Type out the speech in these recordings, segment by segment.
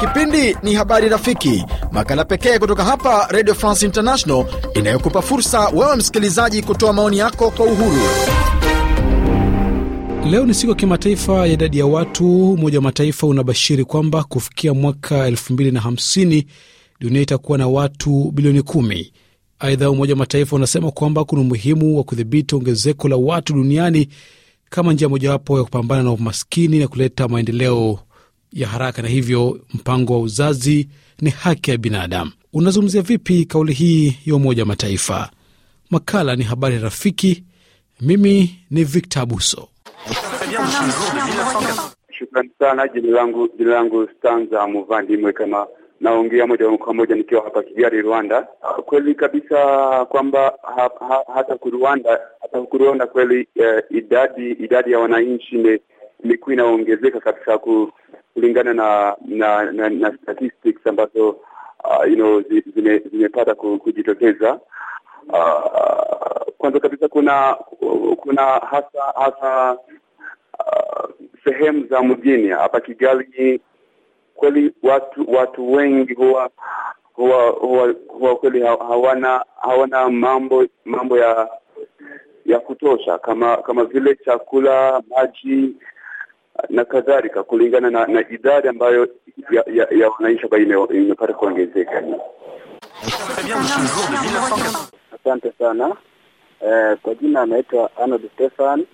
Kipindi ni Habari Rafiki, makala pekee kutoka hapa Radio France International inayokupa fursa wewe msikilizaji kutoa maoni yako kwa uhuru. Leo ni siku ya kimataifa ya idadi ya watu. Umoja wa Mataifa unabashiri kwamba kufikia mwaka 2050 dunia itakuwa na watu bilioni 1 Aidha, Umoja wa Mataifa unasema kwamba kuna umuhimu wa kudhibiti ongezeko la watu duniani kama njia mojawapo ya kupambana na umaskini na kuleta maendeleo ya haraka, na hivyo mpango wa uzazi ni haki ya binadamu. Unazungumzia vipi kauli hii ya Umoja wa Mataifa? Makala ni Habari Rafiki. Mimi ni Victor Abuso. Shukrani sana. Jina langu Stanza Muvandimwe, kama naongea moja kwa moja nikiwa hapa Kigali, Rwanda. Kweli kabisa kwamba ha, ha, hata huku Rwanda hata huku Rwanda kweli eh, idadi idadi ya wananchi imekuwa inaongezeka kabisa kulingana na na, na, na statistics ambazo uh, you know zime, zimepata kujitokeza uh, kwanza kabisa kuna kuna hasa hasa uh, sehemu za mjini hapa Kigali kweli watu watu wengi huwa huwa huwa, huwa kweli hawana hawana mambo mambo ya ya kutosha kama kama vile chakula, maji uh, na kadhalika, kulingana na, na idadi ambayo ya, ya, ya wananchi ambayo imepata kuongezeka. Asante sana. Eh, kwa jina anaitwa Arnold Stefan,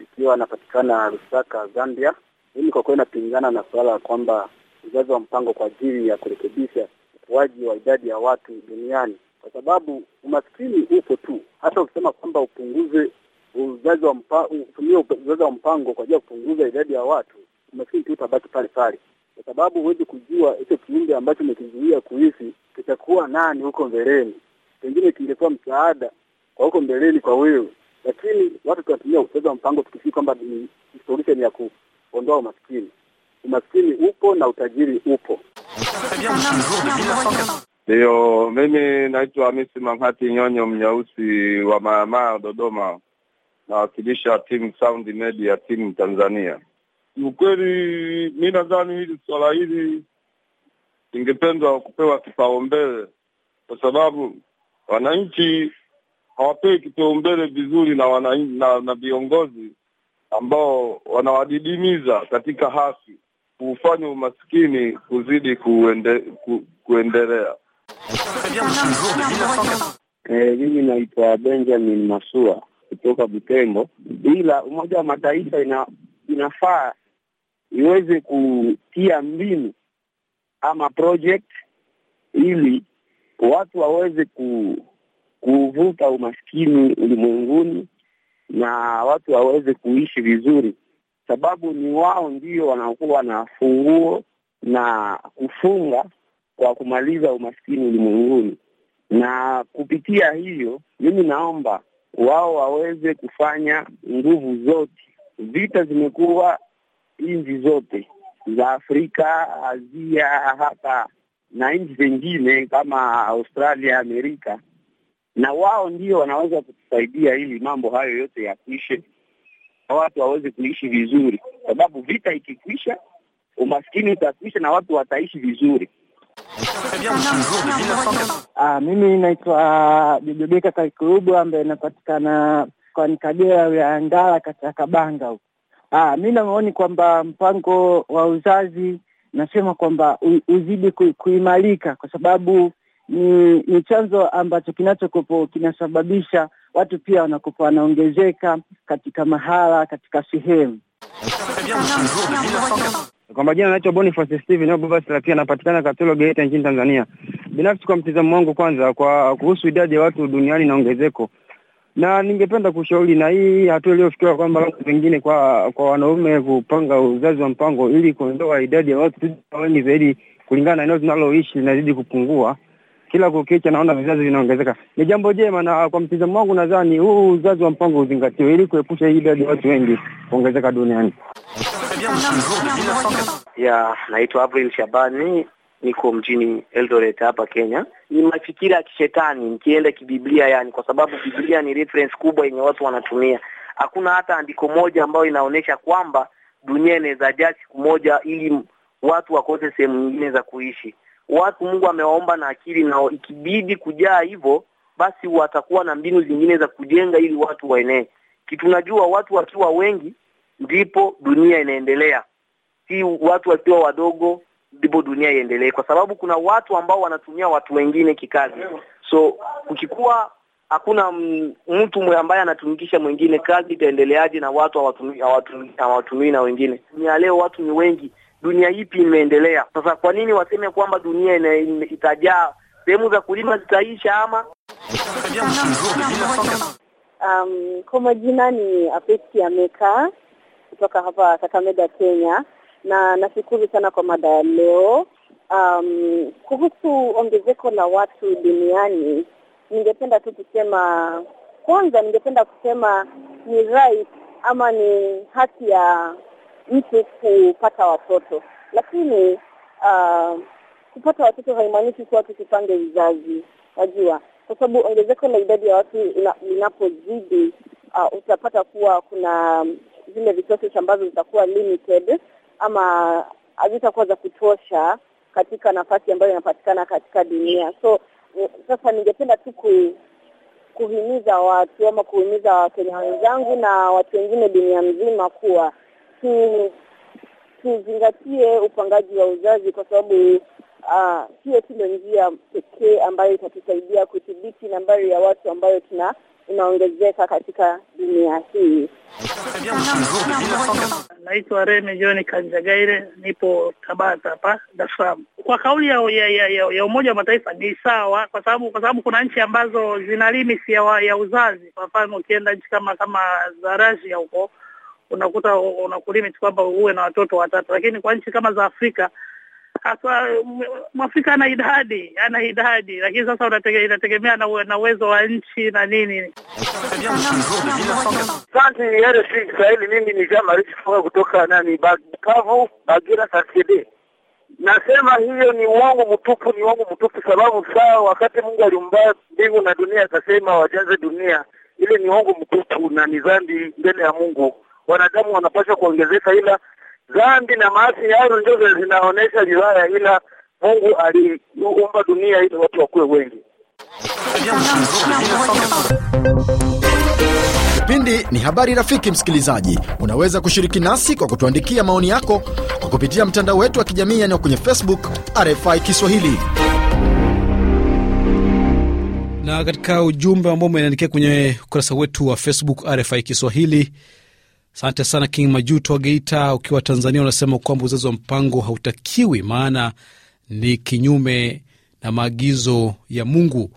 ikiwa anapatikana rusaka Zambia. Mimi kwa kweli napingana na suala ya kwamba uzazi wa mpango kwa ajili ya kurekebisha ukuaji wa idadi ya watu duniani, kwa sababu umaskini upo tu. Hata ukisema kwamba upunguze uzazi wa mpango, utumie uzazi wa mpango kwa ajili ya kupunguza idadi ya watu, umaskini tu utabaki pale pale, kwa sababu huwezi kujua hicho kiumbe ambacho umekizuia kuishi kitakuwa nani huko mbeleni. Pengine kingekuwa msaada kwa huko mbeleni kwa wewe, lakini watu tunatumia uzazi wa mpango tukifiki kwamba ni solution ya kuondoa umaskini umaskini upo na utajiri upo. Ndiyo, mimi naitwa Hamisi Manghati Nyonyo Mnyeusi wa mayamaya Dodoma. Nawakilisha timu Sound Media, timu Tanzania. Kiukweli mi nadhani hili swala hili lingependwa kupewa kipaumbele, kwa sababu wananchi hawapewi kipaumbele vizuri na wana na viongozi ambao wanawadidimiza katika haki kufanya umaskini kuzidi kuende, ku, kuendelea. Eh, mimi naitwa Benjamin Masua kutoka Butembo. Ila Umoja wa Mataifa ina, inafaa iweze kutia mbinu ama project ili watu waweze ku, kuvuka umaskini ulimwenguni na watu waweze kuishi vizuri sababu ni wao ndio wanaokuwa na funguo na kufunga kwa kumaliza umaskini ulimwenguni. Na kupitia hiyo, mimi naomba wao waweze kufanya nguvu zote. Vita zimekuwa nchi zote za Afrika, Asia, hata na nchi zingine kama Australia, Amerika, na wao ndio wanaweza kutusaidia ili mambo hayo yote yakishe na watu waweze kuishi vizuri, sababu vita ikikwisha, umaskini utakwisha na watu wataishi vizuri. Ah, mimi naitwa Jojobeka Kaikurubu ambaye inapatikana kwani Kagera ya Ngara katika Kabanga huko. Ah, mi namaoni kwamba mpango wa uzazi nasema kwamba uzidi kuimarika kwa sababu ni, ni chanzo ambacho kinachokopo kinasababisha watu pia wanakopa wanaongezeka katika mahala, katika sehemu. Kwa majina naitwa Boniface Steven Obasla, pia anapatikana katolo Geita nchini Tanzania. Binafsi kwa mtizamo wangu, kwanza kwa kuhusu idadi ya watu duniani na ongezeko, na ningependa kushauri na hii hatua iliyofikiwa kwamba labda pengine kwa kwa wanaume kupanga uzazi wa mpango ili kuondoa idadi ya watu wengi zaidi kulingana na eneo zinaloishi linazidi kupungua kila kukicha naona vizazi vinaongezeka, ni jambo jema, na kwa mtizamo wangu nadhani huu uzazi wa mpango uzingatiwe ili kuepusha hii idadi ya watu wengi kuongezeka duniani. ya naitwa Avril Shabani, niko mjini Eldoret hapa Kenya. Ni mafikira ya kishetani nikienda kibiblia, yani kwa sababu Biblia ni reference kubwa yenye watu wanatumia. Hakuna hata andiko moja ambayo inaonyesha kwamba dunia inaweza jaa siku moja ili watu wakose sehemu nyingine za kuishi watu Mungu amewaomba na akili, na ikibidi kujaa hivyo, basi watakuwa na mbinu zingine za kujenga ili watu waenee. Kitunajua watu wakiwa wengi ndipo dunia inaendelea, si watu wakiwa wadogo ndipo dunia iendelee, kwa sababu kuna watu ambao wanatumia watu wengine kikazi. So ukikuwa hakuna mtu ambaye anatumikisha mwingine, kazi itaendeleaje? Na watu hawatumii na wengine. Ni leo watu ni wengi dunia ipi imeendelea? Sasa kwa nini waseme kwamba dunia itajaa, sehemu za kulima zitaisha ama? Um, kwa majina ni Apeti Ameka kutoka hapa Kakamega, Kenya, na nashukuru sana kwa mada ya leo. Um, kuhusu ongezeko la watu duniani, ningependa tu kusema kwanza, ningependa kusema ni right ama ni haki ya mtu kupata watoto, lakini uh, kupata watoto haimaanishi kuwa tusipange vizazi, wajua, kwa sababu ongezeko la idadi ya watu linapozidi, uh, ah, utapata kuwa kuna zile resources ambazo zitakuwa limited ama hazitakuwa za kutosha katika nafasi ambayo inapatikana katika dunia. So sasa ningependa tu ku, kuhimiza watu ama kuhimiza Wakenya wenzangu na watu wengine dunia mzima kuwa tu tuzingatie upangaji wa uzazi kwa sababu uh, ah, hiyo tu ndio njia pekee ambayo itatusaidia kudhibiti nambari ya watu ambayo tuna inaongezeka katika dunia hii. Naitwa Reme John Kanjagaire, nipo Tabata hapa Dar es Salaam. Kwa kauli ya, ya, ya, ya, ya Umoja wa Mataifa ni sawa, kwa sababu kwa sababu kuna nchi ambazo zina limits ya, ya uzazi. Kwa mfano ukienda nchi kama kama za huko unakuta unakulimit kwamba uwe na watoto watatu, lakini kwa nchi kama za Afrika hasa Mwafrika ana idadi ana idadi, lakini sasa unatege, inategemea na uwezo wa nchi na nini. Asante RFI yaani Kiswahili, mimi ni Jean Marie Kifunga kutoka nani Bukavu, Bagira Sasede. Nasema hiyo ni uongo mtupu, ni uongo mtupu sababu saa wakati Mungu aliumba mbingu na dunia akasema wajaze dunia, ile ni uongo mtupu na ni dhambi mbele ya Mungu wanadamu wanapaswa kuongezeka, ila dhambi na maasi yao ndio zinaonyesha vibaya, ila Mungu aliumba dunia ili watu wakuwe wengi. Kipindi ni habari. Rafiki msikilizaji, unaweza kushiriki nasi kwa kutuandikia maoni yako kwa kupitia mtandao wetu wa kijamii, yani kwenye Facebook RFI Kiswahili. Na katika ujumbe ambao umeandikia kwenye ukurasa wetu wa Facebook RFI Kiswahili Asante sana King Majuto wa Geita, ukiwa Tanzania, unasema kwamba uzazi wa mpango hautakiwi, maana ni kinyume na maagizo ya Mungu.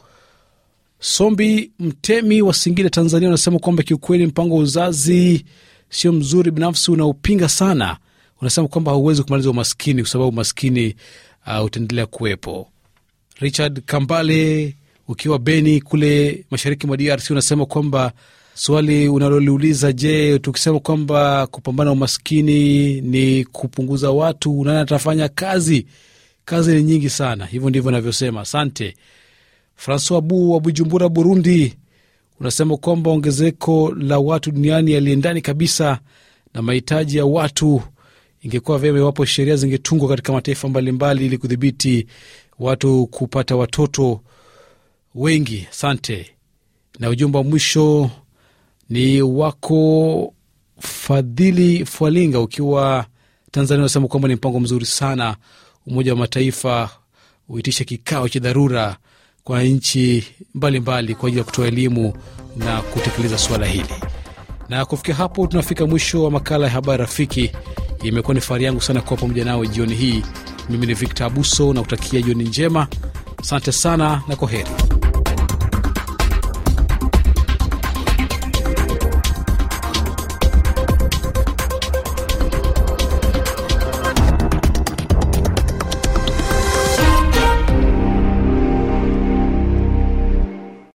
Sombi Mtemi wa Singida, Tanzania, unasema kwamba kiukweli mpango wa uzazi sio mzuri, binafsi unaupinga sana. Unasema kwamba hauwezi kumaliza umaskini kwa sababu umaskini uh, utaendelea kuwepo. Richard Kambale ukiwa Beni kule mashariki mwa DRC unasema kwamba swali unaloliuliza, je, tukisema kwamba kupambana umaskini ni kupunguza watu, nani atafanya kazi? Kazi ni nyingi sana, hivyo ndivyo navyosema. Asante. Francois Bu wa Bujumbura, Burundi, unasema kwamba ongezeko la watu duniani yaliendani kabisa na mahitaji ya watu. Ingekuwa vyema iwapo sheria zingetungwa katika mataifa mbalimbali ili kudhibiti watu kupata watoto wengi. Asante. Na ujumbe wa mwisho ni wako Fadhili Fwalinga ukiwa Tanzania, unasema kwamba ni mpango mzuri sana Umoja wa Mataifa huitisha kikao cha dharura kwa nchi mbalimbali kwa ajili ya kutoa elimu na kutekeleza suala hili. Na kufikia hapo, tunafika mwisho wa makala ya Habari Rafiki. Imekuwa ni fahari yangu sana kuwa pamoja nawe jioni hii. Mimi ni Victor Abuso na kutakia jioni njema. Asante sana na kwa heri.